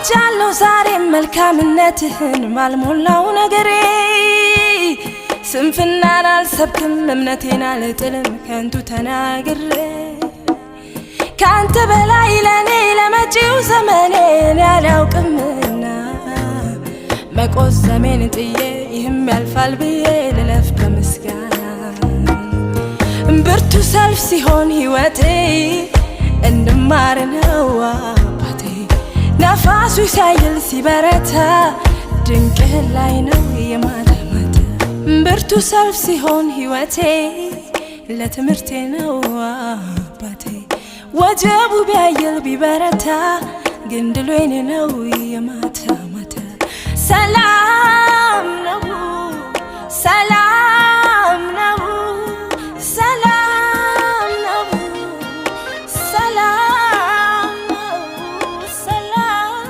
አውርቻለሁ ዛሬ መልካምነትህን ማልሞላው ነገሬ ስንፍናን አልሰብክም እምነቴን አልጥልም ከንቱ ተናግሬ ከአንተ በላይ ለእኔ ለመጪው ዘመኔን ያላውቅምና መቆዘሜን ጥዬ ይህም ያልፋል ብዬ ልለፍ በምስጋና ብርቱ ሰልፍ ሲሆን ሕይወቴ ራሱ ሲያይል ሲበረታ ድንቅህ ላይ ነው የማለማት ብርቱ ሰልፍ ሲሆን ህይወቴ ለትምህርቴ ነው አባቴ ወጀቡ ቢያይል ቢበረታ ግንድሎይን ነው የማታማ